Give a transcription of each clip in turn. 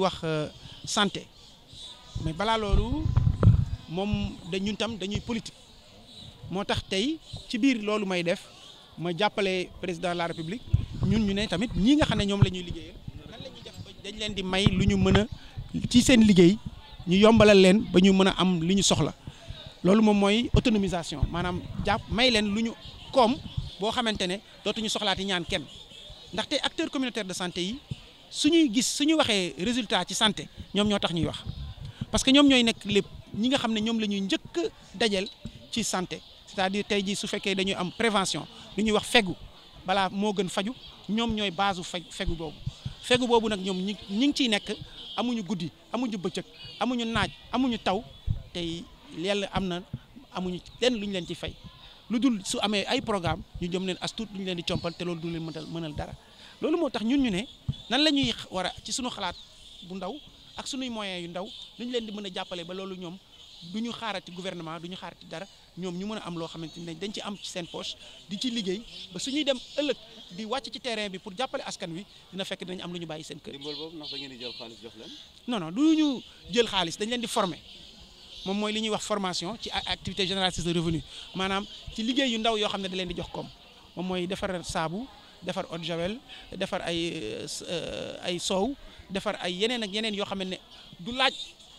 wax euh, santé mais balaa loolu moom da tam dañuy politique moo tax tey ci biir loolu may def ma jàppale président de la république ñun ñu ne tamit ñi nga xam ne ñoom la ñuy liggéeyal nan la ñuy def dañ leen di may lu ñu mën a ci seen liggéey ñu yombalal leen ba ñu mën a am li ñu soxla loolu moom mooy autonomisation maanaam jàpp may leen lu ñu koom boo xamante ne dootuñu soxlaati ñaan kenn ndaxte acteur communautaire de santé yi su ñuy gis su ñu waxee résultat ci santé ñoom ñoo tax ñuy wax parce que ñoom ñooy nekk lépp ñi nga xam ne ñoom la ñuy njëkk dajal ci santé c'est-à-dire tey jii su fekkee dañuy am prévention lu ñuy wax fegu balaa moo gën faju ñoom ñooy base fe fegu boobu fegu boobu nag ñoom ñi ñi ngi ciy nekk amuñu guddi amuñu bëccëg amuñu naaj amuñu taw tey yàlla am na amuñu lenn lu ñu leen ci fay lu dul su amee ay programme ñu jëm leen as tuut lu ñu leen di compal te loolu du leen mënal mënal dara loolu moo tax ñun ñu ne nan la ñuy war a ci suñu xalaat bu ndaw ak suñuy moyens yu ndaw lu ñu leen di mën a jàppale ba loolu ñoom du ñu xaarati gouvernement du ñu xaarati dara ñoom ñu mën a am loo xamante ne dañ ci am ci seen poche di ci liggéey ba suñuy dem ëllëg di wàcc ci terrain bi pour jàppale askan wi dina fekk dinañ am lu ñu bàyyi seen kër. dimbal boobu ndax da ngeen di jël xaalis jox leen. non non du ñu jël xaalis dañ leen di former moom mooy li ñuy wax formation ci activité génératrice de revenu maanaam ci liggéey yu ndaw yoo xam ne da leen di jox koom moom mooy defar saabu defar eau de defar ay euh, ay soow defar ay yeneen ak yeneen yoo xam ne du laaj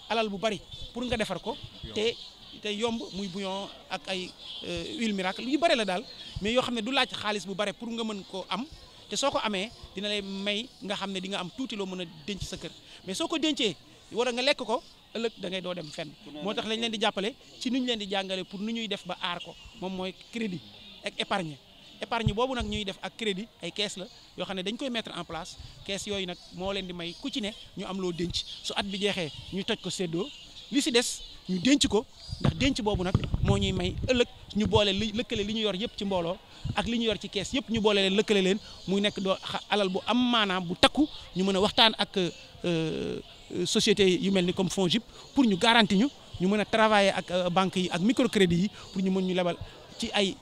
alal bu bari pour nga defar ko te te yomb muy bouillon ak ay euh, huile miracle yu bari la daal mais yoo xam ne du laaj xaalis bu bari pour nga mën ko am te soo ko amee dina lay may nga xam ne di nga am tuuti loo mën a denc sa kër mais soo ko dencee wala nga lekk ko ëllëg da ngay doo dem fenn moo tax lañ leen di jàppale ci nu ñu leen di jàngale pour nu ñuy def ba aar ko moom mooy crédit ak épargne épargne boobu nag ñuy def ak crédit ay kees la yoo xam ne dañ koy mettre en place kees yooyu nag moo leen di may ku ci ne ñu am loo denc su at bi jeexee ñu toj ko séddoo li si des ñu denc ko ndax denc boobu nag moo ñuy may ëllëg ñu boole li lëkkale li ñu yor yëpp ci mbooloo ak li ñu yor ci kees yëpp ñu boole leen lëkkale leen muy nekk doo alal bu am maanaam bu takku ñu mën a waxtaan ak euh, euh, société yu mel ni comme FONGIP pour ñu garanti ñu ñu mën a travailler ak euh, banques yi ak microcrédit yi pour ñu mën ñu lebal ci ay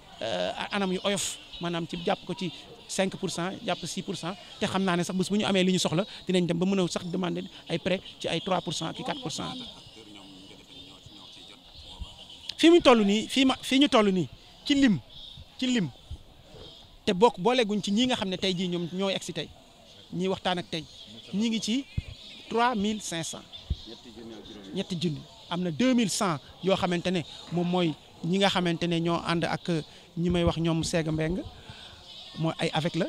anam yu oyof maanaam ci jàpp ko ci cinq pour cent jàpp 6 pour cent te xam naa ne sax bés bu ñu amee li ñu soxla dinañ dem ba mun a sax demander ay prêt ci ay 3 pour cent ki 4 pour cent fii mu toll nii fii ma fii ñu toll nii ci lim ci lim te bokk booleguñ ci ñi nga xam ne tey jii ñoom ñoo egg si tey ñiy waxtaan ak tey ñi ngi ci mille cinq cent ñetti junni am na 2100 yoo xamante ne moom mooy ñi nga xamante ne ñoo ànd ak ñi may wax ñoom seega mbeng mooy ay avec la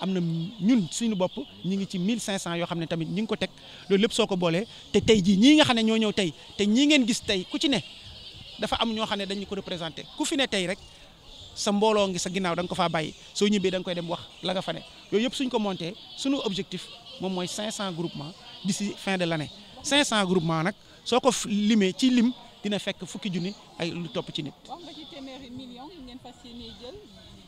am na ñun suñu bopp ñi ngi ci 1500 yoo xam ne tamit ñi ngi ko teg loolu lépp soo ko boolee te tey ji ñii nga xam ne ñoo ñëw tey te ñii ngeen gis tey ku ci ne dafa am ñoo xam ne dañu ko représenté ku fi ne tey rek sa mbooloo ngi sa ginnaaw da nga ko faa bàyyi soo ñibbee da nga koy dem wax la fa ne yooyu yëpp suñ ko monté suñu objectif moom mooy cinq 500 groupement di si fin de l'année 500 groupement nag soo ko limee ci lim dina fekk fukki junni ay lu topp ci nit million ngeen fas yéenee jël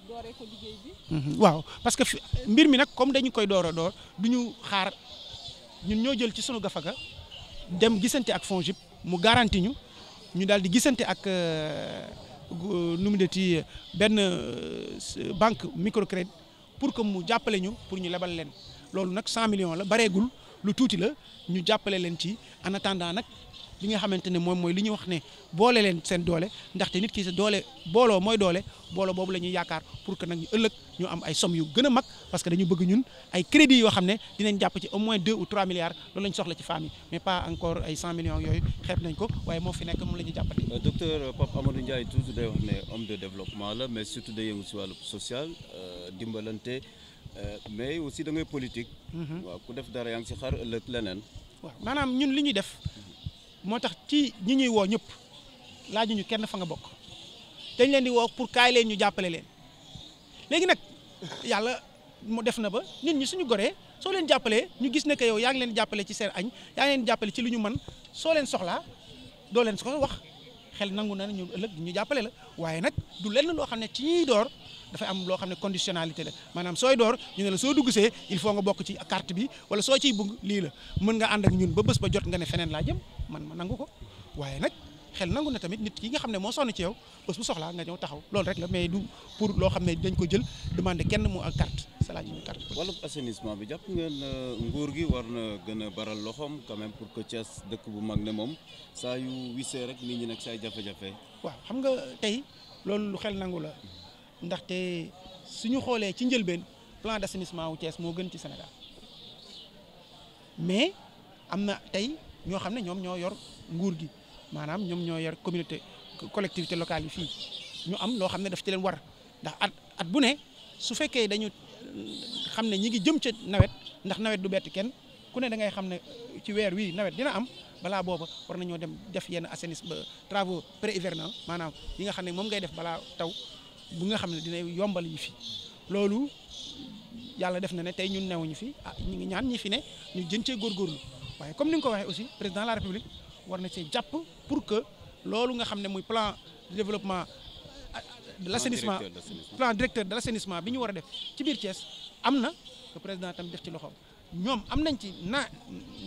dooree ko liggéey bi. Mhm. waaw parce que mbir mi nag comme dañu koy door a door du ñu xaar ñun ñoo jël ci sunu gafaga dem gisante ak FONGIP mu garanti ñu ñu daal di gisante ak euh, euh, nu mu deti benn euh, banque microcrédit pour que mu jàppale ñu pour ñu lebal leen loolu nag sant million la bareegul lu tuuti la ñu jàppale leen ci en nag. li nga xamante ne moom mooy li ñu wax ne boole leen seen doole ndaxte nit ki sa doole booloo mooy doole booloo boobu la ñuy yaakaar pour que nag ñu ëllëg ñu am ay somme yu gën mag parce que dañu bëgg ñun ay crédit yoo xam ne dinañ jàpp ci au moins 2 ou 3 milliards loolu lañ soxla ci femmes yi mais pas encore ay 100 millions yooyu xeeb nañ ko waaye moo fi nekk moom la ñuy jàppati. Euh, mais surtout si euh, dimbalante euh, mais aussi da ngay politique. Mhm. waaw ku def dara yaa ngi si xar ëllëg leneen. waaw maanaam ñun li ñuy def moo tax ci ñi ñuy woo ñëpp laaju ñu kenn fa nga bokk dañ leen di woo pour kaay leen ñu jàppale leen léegi nag yàlla mu def na ba nit ñi suñu goree soo leen jàppalee ñu gis ne que yow yaa ngi leen jàppalee ci seen añ yaa ngi leen jàppale ci lu ñu man soo leen soxlaa doo leen su ko wax xel nangu na ñu ëllëg ñu jàppale la waaye nag du leen loo xam ne ci ñuy door dafa am loo xam ne conditionnalité la maanaam sooy door ñu ne la soo duggsee il faut nga bokk ci carte bi wala soo ciy bugg lii la mën nga ànd ak ñun ba bés ba jot nga ne feneen laa jëm man ma nangu ko waaye nag xel nangu na tamit nit ki nga xam ne moo sonn ci yow bés bu soxlaa nga ñëw taxaw loolu rek la mais du pour loo xam ne dañ ko jël demandé kenn mu ak carte salaaj ñu carte. wàllu assainissement bi jàpp ngeen euh, nguur gi war na gën a baral loxoom quand pour que Thiès dëkk bu mag ne moom saa yu wisee rek nit ñi nag say jafe-jafe. waaw xam nga tey loolu xel nangu la ndaxte ñu xoolee ci njëlbeen plan d'assainissement wu Thiès moo gën ci Sénégal mais am na tey ñoo xam ne ñoom ñoo yor nguur gi maanaam ñoom ñoo yor communauté collectivité locale yi fii ñu am loo xam ne daf ci leen war ndax at at bu ne su fekkee dañu xam ne ñi ngi jëm ca nawet ndax nawet du bett kenn ku ne da ngay xam ne ci weer wii nawet dina am balaa booba war ñoo dem def yenn assainissement travaux pré-hivernal maanaam yi nga xam ne moom ngay def balaa taw bu nga xam ne dina yombal yi fi loolu yàlla def na ne tey ñun newuñu fi ah ñu ngi ñaan ñi fi ne ñu jën cee góorgóorlu waaye comme ni nga ko waxee aussi président de la république war na cee jàpp pour que loolu nga xam ne muy plan de développement ah, de l'assainissement plan directeur de l'assainissement bi ñu war def ci biir Thiès am na que président ci loxoom ñoom am nañ ci na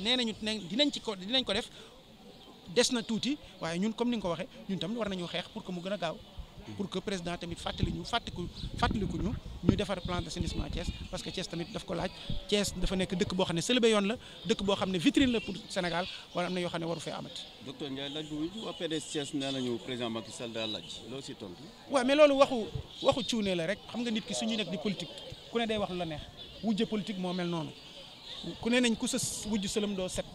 nee nañu dinañ ci ko dinañ ko def na tuuti waaye ñun comme ni nga ko waxee ñun tam war nañu xeex pour que mu gën a gaaw pour que président tamit fàttali ñu fàttiku fàttaliku ñu ñu defar plan d'assainissement Thiès parce que Thiès tamit daf ko laaj Thiès dafa nekk dëkk boo xam ne sëlëbe yoon la dëkk boo xam ne vitrine la pour Sénégal wala am xam ne waru fee amati. docteur Ndiaye laaj bu waa PDS Thiès nee nañu président Macky Sall daal laaj loo si tontu. waaw mais loolu waxu waxu la rek xam nga nit ki su ñu nekk di politique ku ne day wax lu la neex wujje politique moo mel noonu ku ne nañ ku sa wujj sëlëm doo set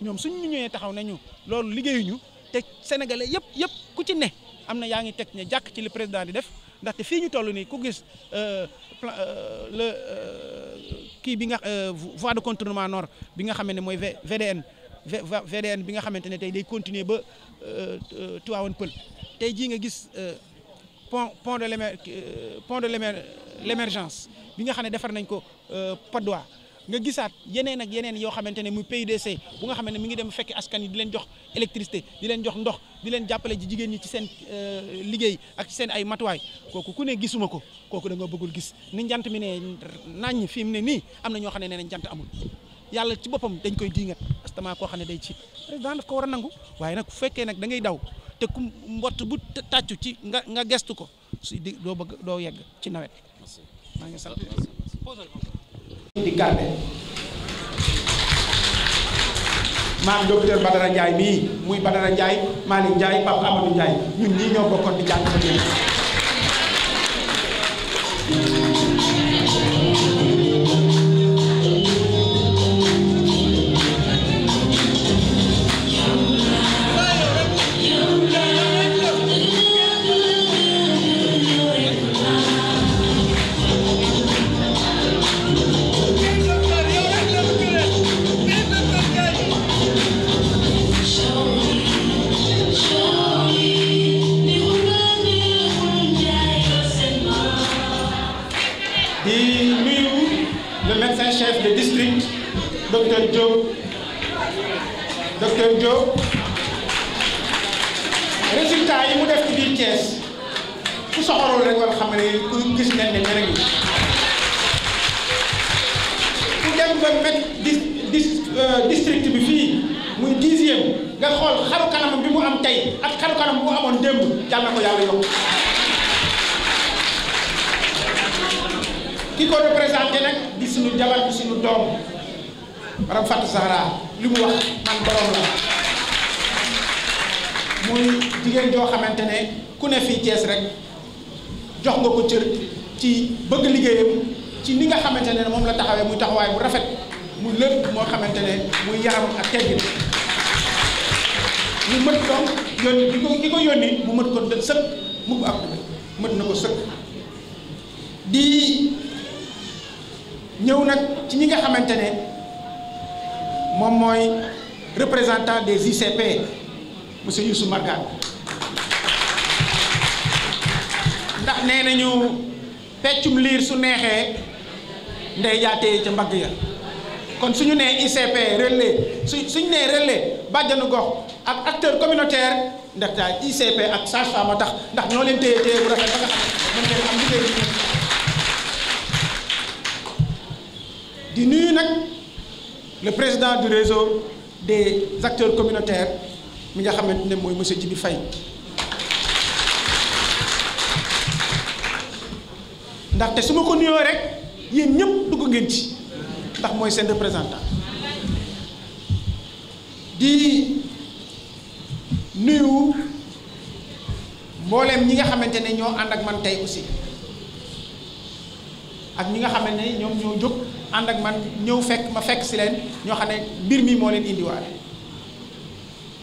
ñoom suñu ñëwee taxaw nañu loolu liggéeyuñu te sénégalais yëpp yëpp ku ci ne am na yaa ngi teg ne jàkk ci li président di def ndaxte fii ñu toll nii ku gis euh, plan euh, euh, kii bi nga voie de contournement nord bi nga xam ne mooy VDN VDN bi nga xamante ne tey day continuer ba Tivaouane Peulh tey jii nga gis pont pont de l'émer pont de l'émer l'émergence bi nga xam ne defar nañ ko Patte nga gisaat yeneen ak yeneen yoo xamante ne muy PUDC bu nga xam ne mi ngi dem fekk askan yi di leen jox électricité di leen jox ndox di leen jàppale ji jigéen ñi ci seen euh, liggéey ak ci seen ay matuwaay kooku ku ne gisuma ko kooku da nga bëggul gis ni njant mi ne naññ fi mu ne nii am na ñoo xam ne nee nañ jant amul yàlla ci boppam dañ koy diingat astama koo xam ne day ciit président daf ko war a nangu waaye nag bu fekkee nag dangay ngay daw te ku mbott bu tàccu ci nga nga gestu ko su di doo bëgg doo yegg ci nawet maa ngi di garde maam docteur Badara Ndiaye mii muy Badara Ndiaye Malick Ndiaye Pape Amadou Ndiaye ñun ñii ñoo bokkoon di jàng fa docteur Diop docteur Diop résultat yi mu def ci biir Thiès ku soxorul rek war xam ne ku gis nen ne mere ngi ku dem ba met euh, district bi fii muy dixième nga xool xaru kanam bi mu am tey ak xaru kanam bi mu amoon démb yàlla na ko yàlla yokk ki ko représenté nag di suñu jabar di suñu doom maanaam Fatou Zahra li mu wax man borom muy jigéen joo xamante ne ku ne fi cees rek jox nga ko cër ci bëgg liggéeyam ci ni nga xamante ne moom la taxawee muy taxawaay bu rafet mu lépp moo xamante ne muy yaram ak teggin mu mët ko yónni di ko ki ko yónni mu mët ko sëkk mu ab mët na ko sëkk di ñëw nag ci ñi nga xamante ne moom mooy représentant des ICP monsieur Youssou Margane ndax nee nañu peccum liir su neexee ndey jaatee ca mbagg ya kon suñu nee ICP relais su suñu nee relais bàjjanu gox ak acteur communautaire ndax daal ICP ak sage-femme a tax ndax ñoo leen téye téye bu rafet ba nga xam ne mën am liggéey di nuyu nag le président du réseau des acteurs communautaire mi nga xamante ne mooy monsieur Djibi Faye ndaxte su ma ko nuyoo rek yéen ñëpp dugg ngeen ci ndax mooy seen représentant di nuyu mbooleem ñi nga xamante ne ñoo ànd ak man tey aussi ak ñi nga xamante ne ñoom ñoo jóg. ànd ak man ñëw fekk ma fekk si leen ñoo xam ne mbir mii moo leen indiwaale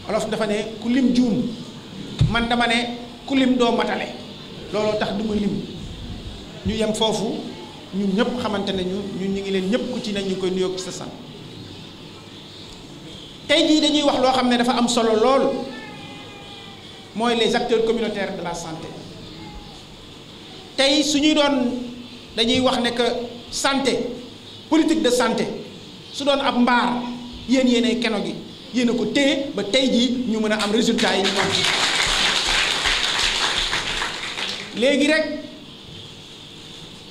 olof dafa ne ku lim juum man dama ne ku lim doo matale looloo tax duma ma lim ñu yem foofu ñun ñëpp xamante ne ñu ñun ñu ngi leen ñëpp ku ci ne ñu koy nuyoo ci sa san tey jii dañuy wax loo xam ne dafa am solo lool mooy les acteurs communautaires de la santé tey su ñuy doon dañuy wax ne que santé. politique de santé su doon ab mbaar yéen yéenay keno gi yéen ko téye ba tey jii ñu mën a am résultat yi ñu am léegi rek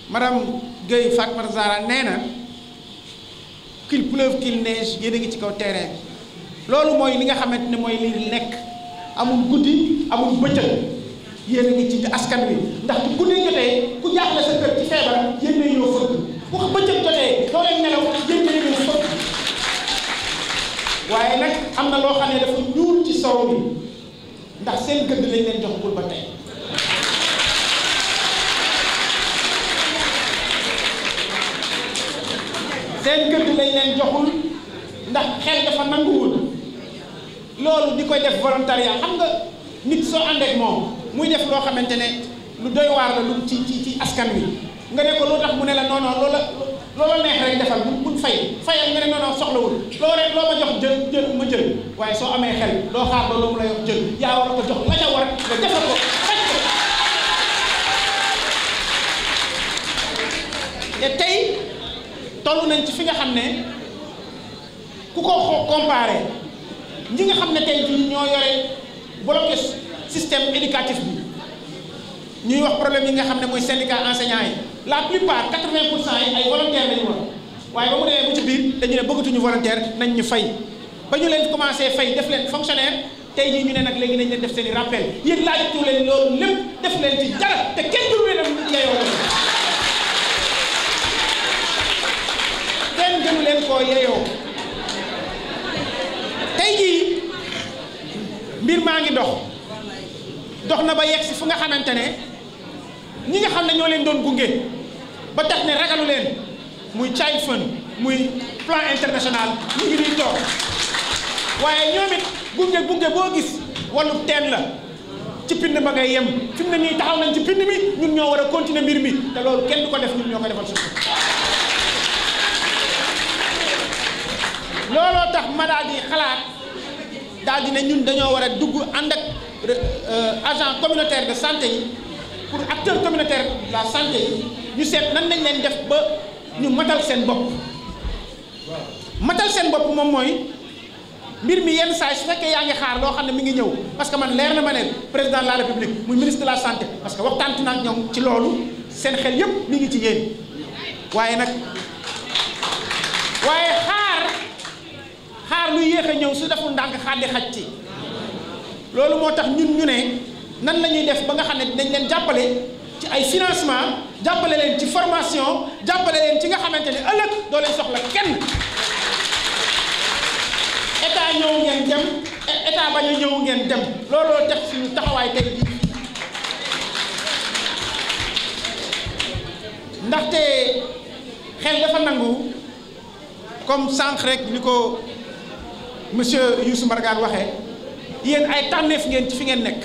madame Guèye Fatmata nee na qu'il pleuve qu'il neige yéen gi ci kaw terrain loolu mooy li nga xamante ne mooy li nekk amul guddi amul bëccëg yéen a ci askan wi ndax bu guddi jotee ku jaaxle sa kër ci feebar yéen ñoo fëgg wax bëccëg jotee doo leen nelaw waaye nag am na loo xam ne dafa ñuul ci soow bi ndax seen gëdd lañ leen seen gëdd lañ leen joxul ndax xel dafa nanguwul loolu di koy def volontariat xam nga nit soo ànd moom muy def loo xamante ne lu doy waar la lu ci ci ci askan wi nga ne ko lu tax mu ne la non non loola loola neex rek defal bu buñ fay fayal nga ne non non soxlawul loo rek loo ma jox jël jël ma jël waaye soo amee xel loo xaar ba loo mu la yox yaa war a ko jox la ca war nga ko faj ko te tey toll nañ ci fi nga xam ne ku ko xoo comparé ñi nga xam ne tey jii ñoo yore bloqué système éducatif bi ñuy wax problème yi nga xam ne mooy syndicat enseignants yi la plupart 80 pour cent yi ay volontaire lañu woon waaye ba mu demee bu ci biir dañu ne bëggatuñu volontaire nañ ñu fay ba ñu leen commencé fay def leen fonctionnaire tey jii ñu ne nag léegi nañ leen def seen i rappel yéen laajatu leen loolu lépp def leen ci dara te kenn du leen yeyoo leen kenn gënu leen koo yeyoo tey jii mbir maa ngi dox dox na ba yegsi fu nga xamante ne ñi nga xam ne ñoo leen doon gunge ba tax ne ragalu leen muy Child Fund muy plan international ñu ngi ñuy toog waaye ñoom it gunge gunge boo gis wàllu teen la ci pind ma ngay yem fi mu ne nii taxaw nañ ci pind mi ñun ñoo war a continuer mbir mi te loolu kenn du ko def ñun ñoo koy defal suñu looloo tax ma daal xalaat daal di ne ñun dañoo war a dugg ànd ak euh, agent communautaire de santé yi pour acteur communautaire de la santé ñu seet nan lañ leen def ba ñu matal seen bopp matal seen bopp moom mooy mbir mi yenn saa su fekkee yaa ngi xaar loo xam ne mi ngi ñëw parce que man leer na ma ne président la république muy ministre de la santé parce que waxtaan naa ak ñoom ci loolu seen xel yépp mi ngi ci yéen waaye nag waaye xaar xaar lu yéex a ñëw su deful ndànk xaar di xaj ci loolu moo tax ñun ñu ne nan la ñuy def ba nga xam ne dañ leen jàppale ci ay financement jàppale leen ci formation jàppale leen ci nga xamante ne ëllëg doo leen soxla kenn état ñëw ngeen dem état bañ a ñëw ngeen dem looloo def suñu taxawaay tey bi ndaxte xel dafa nangu comme sànq rek ñu ko monsieur Youssou Mbargane waxee yéen ay tànneef ngeen ci fi ngeen nekk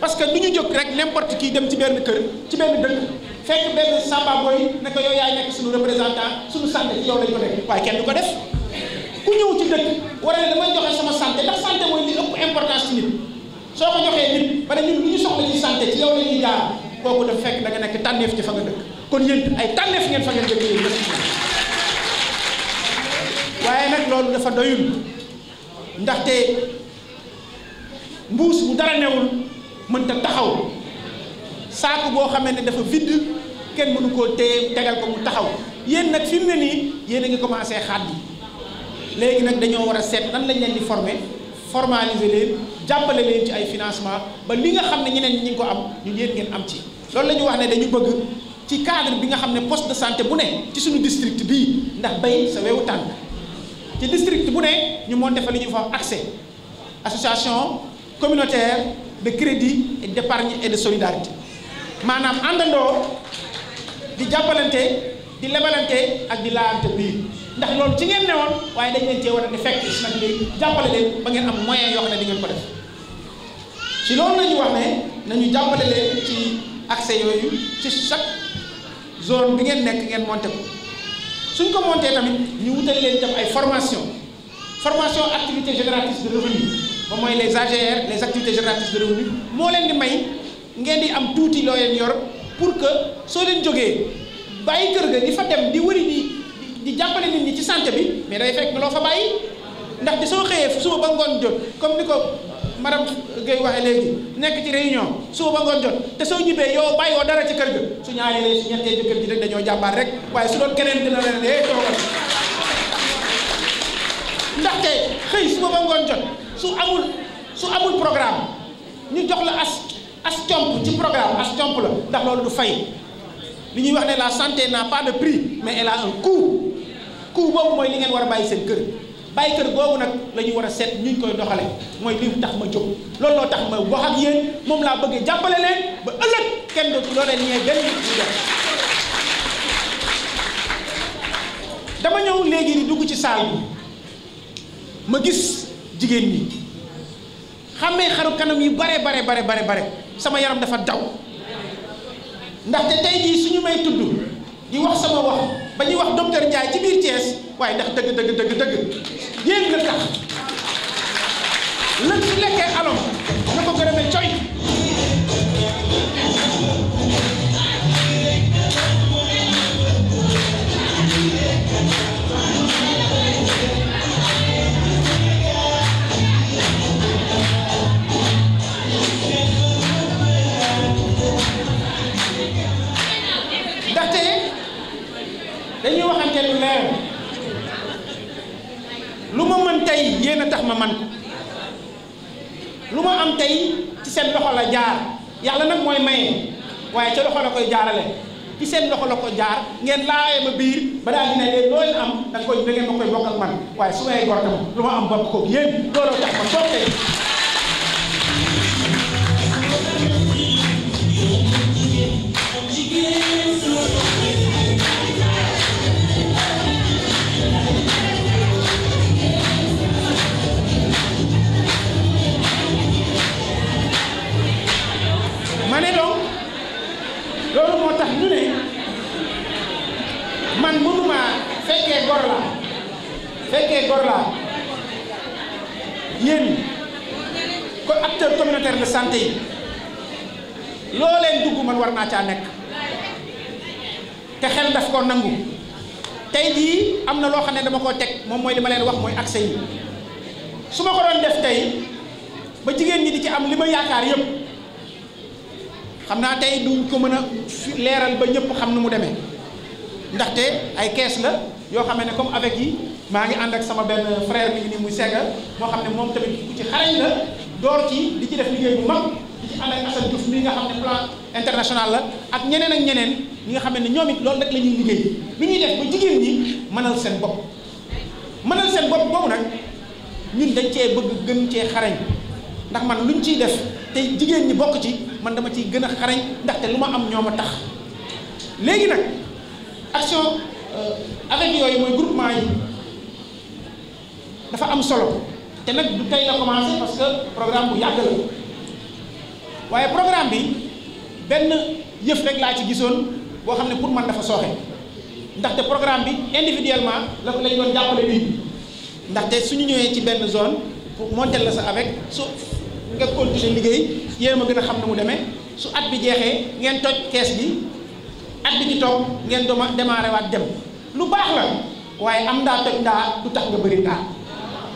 parce que du ñu jóg rek n'importe qui dem ci benn kër ci benn dëkk fekk benn samba booy ne ko yow yaay nekk suñu représentant suñu santé ci yow lañ ko nekk ko def ku ci dëkk war ne damay sama santé ndax santé importance ci soo ko joxee nit ba ne ñun lu ñu soxla ci fekk da nga nekk tànneef ci fa nga dëkk kon ay tànneef ngeen fa ngeen dëkk yéen waaye nag loolu dafa doyul ndaxte mbuus bu dara newul mënta taxaw saako boo xamee ne dafa vide kenn mënu koo téye tegal ko mu taxaw yéen nag fi mu ne nii yéen a ngi commencé xaat bi léegi nag dañoo war a seet nan lañ leen di former formaliser leen jàppale leen ci ay financement ba li nga xam ne ñeneen ñi ngi ko am ñu yéen ngeen am ci loolu la ñu wax ne dañu bëgg ci cadre bi nga xam ne poste de santé bu ne ci suñu district bii ndax bay sa wewu tànk ci district bu ne ñu moo fa li ñuy wax accès association communautaire de crédit et d'épargne et de solidarité maanaam àndandoo di jàppalante di lebalante ak di laalante biir ndax loolu ci ngeen newoon waaye dañ leen cee war a di fekk si nag léegi jàppale leen ba ngeen am moyen yoo xam ne di ngeen ko def ci loolu la ñu wax ne nañu jàppale leen ci accès yooyu ci chaque zone bi ngeen nekk ngeen monté ko suñ ko monté tamit ñu wutal leen tam ay formation formation activité génératrice de revenu moom mooy les AGR les activités génératrices de revenu moo leen di may ngeen di am tuuti loo leen yor pour que soo leen jógee bàyyi kër ga di fa dem di wëri di di jàppale nit ñi ci santé bi mais day fekk loo fa bàyyi ndax di soo xëyee suba ba ngoon jot comme ni ko madame Guèye waxee léegi nekk ci réunion suba ba ngoon jot te soo ñibbee yow bàyyiwoo dara ci kër ga su ñaaree su ñettee jëkkër ji rek dañoo jàmbaar rek waaye su doon keneen dina leen dee eh, toogal ndaxte xëy suba ba ngoon jot su amul su amul programme ñu jox la as as comp ci programme as comp la ndax loolu du fay li ñuy wax ne la santé n'a pas de prix mais elle a un coût boobu mooy li ngeen war a bàyyi seen kër bàyyi kër googu nag la ñu war a seet ñu koy doxale mooy li tax ma jóg lool loo tax ma wax ak yéen moom laa bëggee jàppale leen ba ëllëg kenn dootu loo leen ñee benn ñu dama ñëw léegi dugg ci saal bi ma gis jigéen ñi xàmmee xaru kanam yu bare bare bare bare bare sama yaram dafa daw ndaxte tey jii suñu may tudd di wax sama wax ba ñuy wax docteur Ndiaye ci biir Thiès waaye ndax dëgg dëgg dëgg dëgg yéen la tax lën su lekkee alom na ko gërëme coy yéen a tax ma man ko lu ma am tey ci seen loxo la jaar yàlla nag mooy maye waaye ca loxo la koy jaarale ci seen loxo la ko jaar ngeen laayee ma biir ba daal dina leen loo leen am da nga koy ngeen ma koy bokk man waaye su gor tam lu ma am bopp koog yéen looloo tax ma toog tey fekkee gor laa yéen ko acteur communautaire de santé yi loo leen dugg man war naa caa nekk te xel daf ko nangu tey jii am na loo xam ne dama koo teg moom mooy li ma leen wax mooy accès yi su ma ko doon def tey ba jigéen ñi di ci am li ma yaakaar yëpp xam naa tey duñ ko mën a leeral ba ñépp xam nu mu demee ndaxte ay kees la yoo xam ne comme avec yi maa ngi ànd ak sama benn frère mi ngi nii muy Ségal moo xam ne moom tamit ku ci xarañ la door ci li ci def liggéey bu mag di ci ànd ak Assane Diouf mi nga xam ne plan international la ak ñeneen ak ñeneen ñi nga xam ne ñoom it loolu rek la ñuy liggéey lu ñuy def ba jigéen ñi mënal seen bopp mënal seen bopp boobu nag ñun dañ cee bëgg gën cee xarañ ndax man luñ ciy def te jigéen ñi bokk ci man dama ciy gën a xarañ ndaxte lu ma am ñoom a tax léegi nag action euh, avec yooyu mooy groupement dafa am solo te nag du tey la commencé parce que programme bu yàgg la waaye programme bi benn yëf rek laa ci gisoon boo xam ne pour man dafa sooxe ndaxte programme bi individuellement la lañ doon jàppale nit ndaxte su ñu ñëwee ci benn zone pour monter la sa avec su nga continuer liggéey yéen ma gën a xam ne mu demee su at bi jeexee ngeen toj kees bi at bi ñu toog ngeen doma démarré waat dem lu baax la waaye am ndaa toj ndaa du tax nga bëri ndaa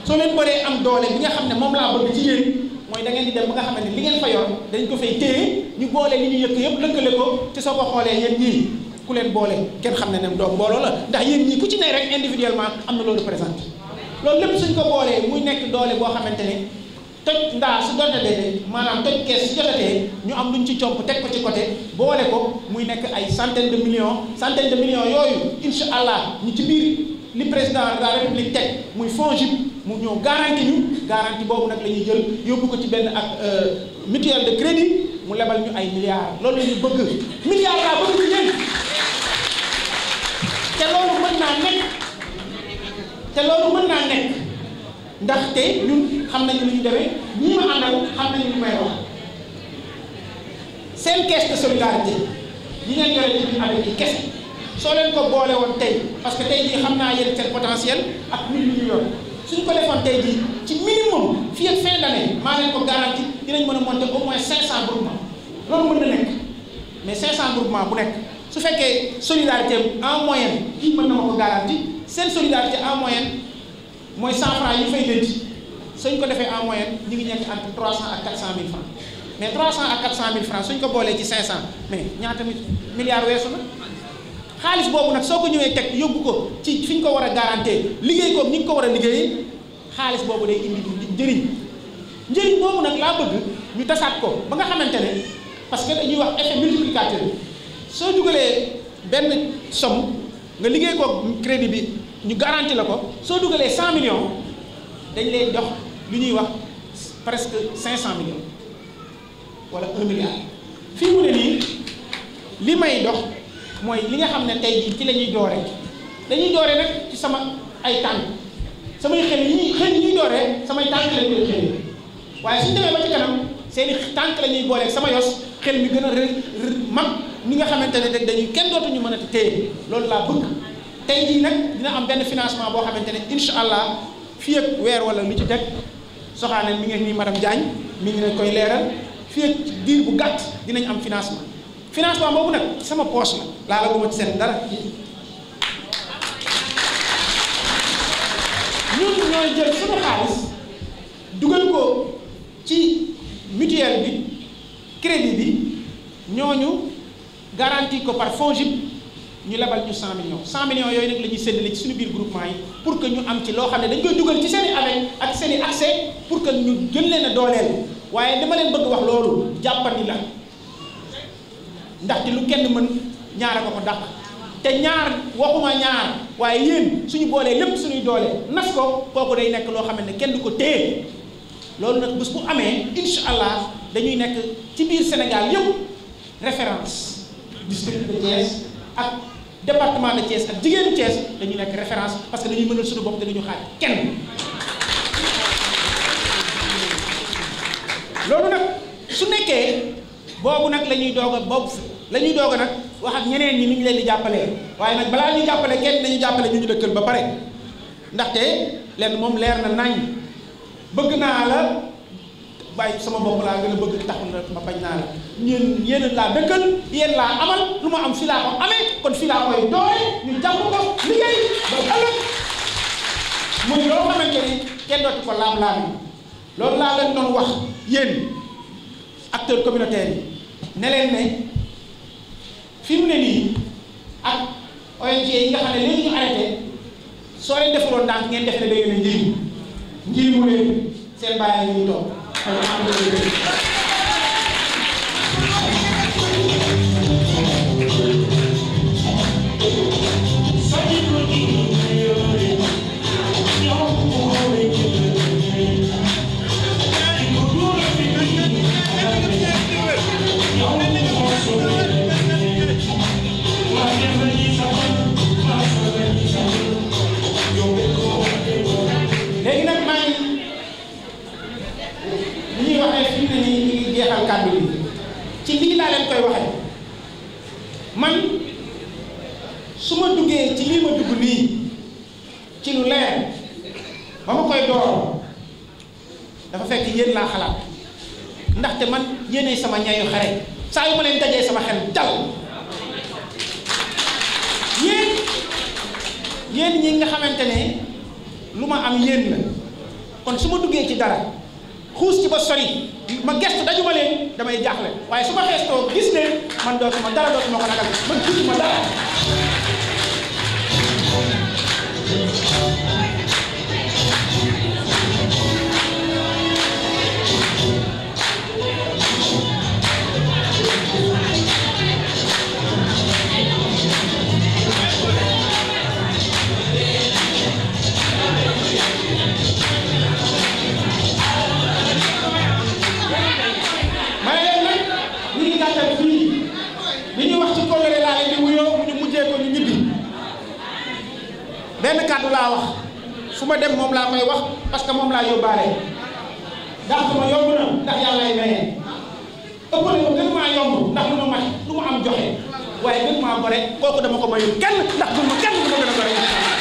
soo leen baree am doole bi nga xam ne moom laa bëgg ci yéen mooy da ngeen di dem ba nga xam ne li ngeen fa yor dañ ko fay téye ñu boole li ñu yëkk yëpp lëkkale ko ci soo ko xoolee yéen ñii ku leen boole kenn xam ne ne doom mbooloo la ndax yéen ñii ku ci ne rek individuellement am na loo représenté loolu lépp suñ ko boolee muy nekk doole boo xamante ne toj ndaa su dotatee maanaam toj kees su jotatee ñu am luñ ci comp teg ko ci côté boole ko muy nekk ay centaine de millions centaine de millions yooyu incha allah ñu ci biir li président de la république teg muy FONGIP mu ñëw garanti ñu garanti boobu nag la ñuy jël yóbbu ko ci benn ak euh, mutuelle de crédit mu lebal ñu ay milliards loolu ñu bëgg milliards laa bëgg ci yéen te loolu mën naa nekk te loolu mën naa nekk ndaxte ñun xam nañu li ñu demee ñii ma àndal xam nañu li may wax seen caisse de solidarité yi ngeen yore ci biir avec yi soo leen ko boole woon tey parce que tey jii xam naa yéen seen potentiel ak nit ñu yor suñ ko defoon tey jii ci minimum fii ak fin d'année maa leen ko garanti dinañ mën a monter au moins 500 groupement loolu mën su fekkee solidarité en moyenne kii mën na ma ko garanti seen solidarité en moyenne mooy 100 francs yi fay leen ci suñ ko defee en moyenne ñu ngi nekk entre 300 ak 400 000 francs mais 300 ak 400 000 francs suñ ko boolee ci 500 mais ñaata milliards weesu na. xaalis boobu nag soo ko ñëwee teg yóbbu ko ci fi ñu ko war a garanté liggéey ko ñi ngi ko war a liggéey xaalis boobu day indi njëriñ njëriñ boobu nag laa bëgg ñu tasaat ko ba nga xamante ne parce que dañuy wax effet multiplicateur bi soo dugalee benn somme nga liggéey ko crédit bi ñu garanti la ko soo dugalee 100 millions dañ lay jox lu ñuy wax presque 500 millions wala 1 milliard fii mu ne nii li may dox. mooy li nga xam ne tey jii ci la ñuy doore dañuy doore nag ci sama ay tànk samay xel yi ñuy xel yi ñuy doore samay tànk la ñuy xel waaye suñu seen i la ñuy booleeg sama yos xel mi gën a rë mag mi nga xamante ne dañuy kenn dootuñu mën a te téye loolu laa bëgg tey jii nag dina am benn financement boo xamante ne incha allah fii ak weer wala lu ci teg soxaane mi ngi nii madame jaañ mi ngi koy leeral fii ak diir bu gàtt dinañ am financement financement boobu nag sama poche la. laa la guma ci seen dara ñun ñooy jël suñu xaalis dugal ko ci mutuelle bi crédit bi ñooñu garantie ko par FONGIP ñu lebal ñu 100 millions 100 millions yooyu nag la ñuy séddale ci suñu biir groupement yi pour que ñu am ci loo xam ne dañ koy dugal ci seeni i avec ak seen i accès pour que ñu jël leen a dooleel waaye dama leen bëgg wax loolu jàppandi la ndaxte lu kenn mën. ñaara ko ko dàq te ñaar waxuma ñaar waaye yéen suñu boolee lépp suñuy doole nas ko kooku day nekk loo xamante ne kenn du ko téye loolu nag bés bu amee incha allah dañuy nekk ci biir Sénégal yëpp référence district de Thiès ak département de Thiès ak jigéenu Thiès dañuy nekk référence parce que dañuy mënal suñu bopp te dañu xaar kenn loolu nag su nekkee boobu nag lañuy ñuy doog a boobu la ñuy doog nag wax ak ñeneen ñi ni ñu leen di jàppalee waaye nag balaa ñuy jàppale kenn nañu jàppale ñu ñu dëkkal ba pare ndaxte lenn moom leer na nañ bëgg naa la bàyyi sama bopp laa gën bëgg taxul na ma bañ naa la ñeen yéen laa yéen laa amal lu ma am fi laa ko amee kon fi laa koy ñu jàpp ko liggéey ba mu muy loo xamante ni kenn dootu ko laam-laam loolu laa leen doon wax yéen acteurs communautaires yi ne leen fi mu ne nii ak ONG yi nga xam ne léegi ñu arrêté soo leen defaloon ndànk ngeen def ne da ngeen a njëriñ njëriñu leen seen bàyyi ñu toog. taxawal kàddu bi ci lii laa leen koy waxee man su ma duggee ci lii ma dugg nii ci lu leer ba ma koy door dafa fekk yéen laa xalaat ndaxte man yéenay sama ñayu xare saa yu ma leen dajee sama xel dal yéen yéen ñi nga xamante ne lu ma am yéen la kon su ma duggee ci dara xuus ci ba sori ma gestu daju ma leen damay jaaxle waaye su ma xeestoo gis ne man dootuma dara dootuma ko ragal man gisuma dara laa yóbbaale ndax sama yomb na ndax yàllaay maye ëpp na ko gën maa yomb ndax lu ma mat lu ma am joxe waaye gën maa gore kooku dama ko mayu kenn ndax du ma kenn du ma gën a gore